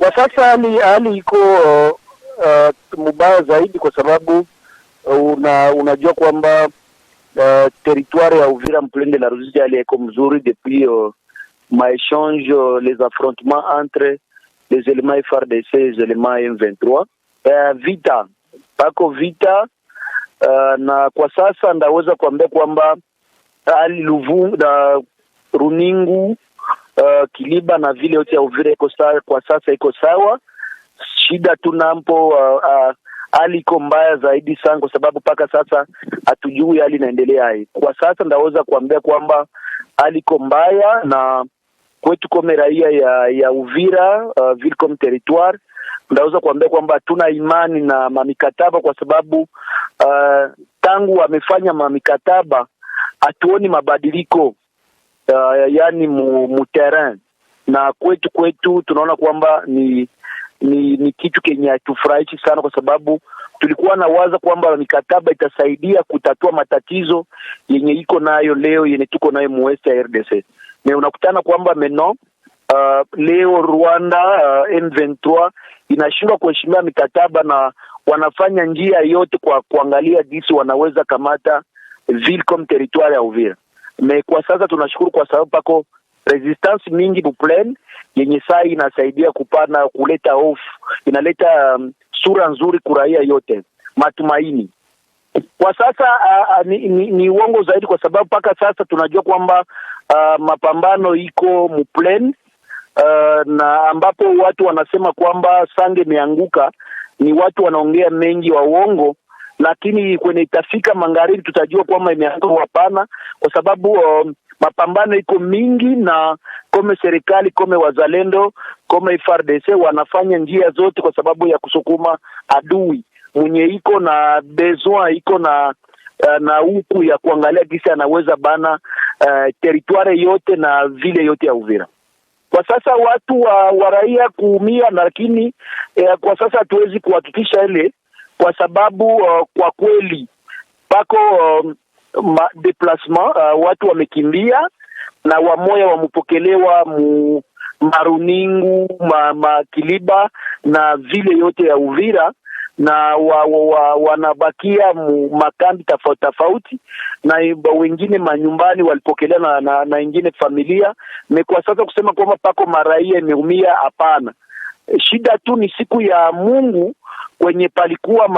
Kwa sasa hali hali iko uh, uh mubaya zaidi kwa sababu uh, una, unajua kwamba uh, territoire ya Uvira Mplende na Ruzizi hali haiko mzuri depuis uh, maechange uh, les affrontements entre les éléments frdc les éléments M23 uh, vita pako vita uh, na kwa sasa ndaweza kuambia kwamba hali Luvu na Runingu Eh, Kiliba na vile yote ya Uvira iko sawa kwa sasa, iko sawa. Shida tunampo uh, eh, uh, eh, hali iko mbaya zaidi sana, kwa sababu mpaka sasa hatujui hali inaendelea hai. Kwa sasa ndaweza kuambia kwamba hali iko mbaya na kwetu kome raia ya, ya Uvira uh, Vilcom territoire ndaweza kuambia kwamba hatuna imani na mamikataba kwa sababu uh, tangu wamefanya mamikataba hatuoni mabadiliko uh, yani muterrain na kwetu kwetu tunaona kwamba ni ni ni kitu kenye hatufurahishi sana, kwa sababu tulikuwa na waza kwamba mikataba itasaidia kutatua matatizo yenye iko nayo leo yenye tuko nayo muwest ya RDC na unakutana kwamba meno uh, eh, leo Rwanda uh, M23 inashindwa kuheshimia mikataba na wanafanya njia yote kwa kuangalia jisi wanaweza kamata vilcom territoire ya Uvira me kwa sasa tunashukuru kwa sababu pako resistance mingi buplan yenye saa inasaidia kupana kuleta hofu, inaleta um, sura nzuri kuraia yote matumaini kwa sasa uh, ni, ni, ni uongo zaidi, kwa sababu mpaka sasa tunajua kwamba uh, mapambano iko muplan uh, na ambapo watu wanasema kwamba sange imeanguka, ni watu wanaongea mengi wa uongo lakini kwenye itafika magharibi tutajua kwamba imeanza hapana, kwa sababu um, mapambano iko mingi na kome serikali kome wazalendo kome FARDC wanafanya njia zote kwa sababu ya kusukuma adui mwenye iko na besoin iko na eh, na huku ya kuangalia kisi anaweza bana uh, eh, teritwari yote na vile yote ya Uvira. Kwa sasa watu wa, wa raia kuumia, lakini eh, kwa sasa hatuwezi kuhakikisha ile kwa sababu uh, kwa kweli pako um, deplasement uh, watu wamekimbia na wamoya wamepokelewa mu maruningu ma, makiliba na vile yote ya Uvira na wa, wa, wa, wanabakia makambi tofauti tofauti, na wengine manyumbani walipokelewa na, na, na ingine familia me. Kwa sasa kusema kwamba pako maraia imeumia, hapana. Shida tu ni siku ya Mungu kwenye palikuwa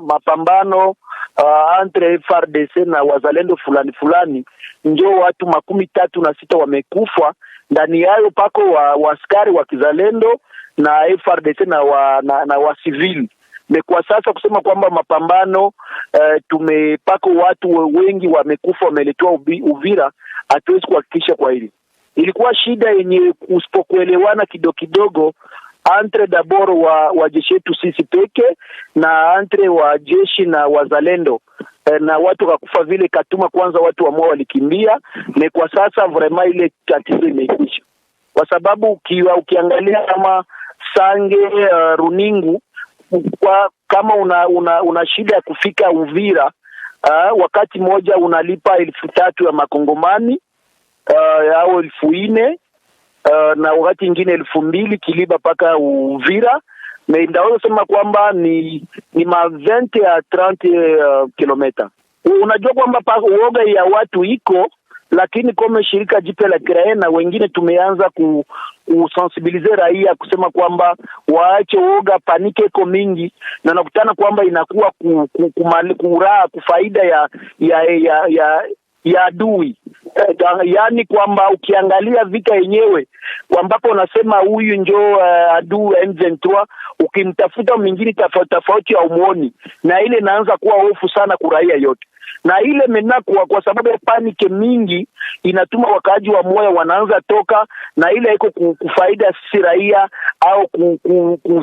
mapambano ma, ma, ma uh, entre FRDC na wazalendo fulani fulani, njo watu makumi tatu na sita wamekufa. Ndani yayo pako wa waskari wa kizalendo na FRDC na wa, na, na wa me mekwa sasa kusema kwamba mapambano uh, eh, tumepako watu wengi wamekufa, wameletewa Uvira, hatuwezi kuhakikisha kwa hili. Ilikuwa shida yenye kusipokuelewana kidogo kidogo entre dabor wa, wa jeshi yetu sisi peke na entre wa jeshi na wazalendo eh, na watu wakakufa vile Katuma. Kwanza watu wamwa walikimbia, na kwa sasa vraiment ile tatizo imeisha, kwa sababu ukiwa ukiangalia kama Sange uh, Runingu kwa, kama una, una, una shida ya kufika Uvira uh, wakati moja unalipa elfu tatu ya makongomani uh, au elfu nne uh, na wakati ingine elfu mbili Kiliba mpaka Uvira na indaweza sema kwamba ni ni ma ya trente uh, eh, kilometa Unajua kwamba uoga ya watu iko, lakini kama shirika jipya la kiraia na wengine tumeanza ku raia kusema kwamba waache uoga, panike iko mingi, na nakutana kwamba inakuwa ku, ku, kumali, kuraha kufaida ya ya ya ya, ya adui yaani kwamba ukiangalia vita yenyewe ambapo unasema huyu njo uh, eh, adu M23 ukimtafuta mwingine tofauti ya umuoni na ile inaanza kuwa hofu sana kuraia yote na ile menakwa, kwa sababu ya panike mingi inatuma wakaaji wa moyo wanaanza toka, na ile iko kufaida sisi raia au ku, ku, ku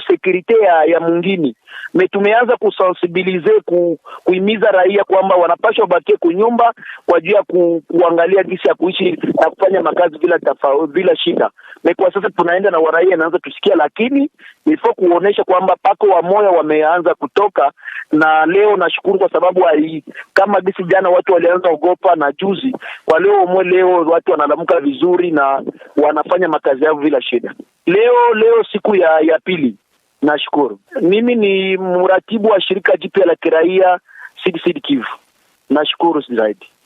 ya, ya mungini me, tumeanza kusensibilize ku, kuimiza raia kwamba wanapasha bakie kunyumba kwa juu ya ku, kuangalia jinsi ya kuishi na kufanya makazi bila tafao, bila shida na kwa sasa tunaenda na waraia anaanza tusikia, lakini nifo kuonesha kwamba pako wa moya wameanza kutoka. Na leo nashukuru kwa sababu wali, kama gisi jana watu walianza ogopa na juzi kwa leo umwe leo watu wanalamuka vizuri na wanafanya makazi yao bila shida. Leo leo siku ya, ya pili nashukuru. Mimi ni mratibu wa shirika jipya la kiraia Sud Sud Kivu. Nashukuru zaidi.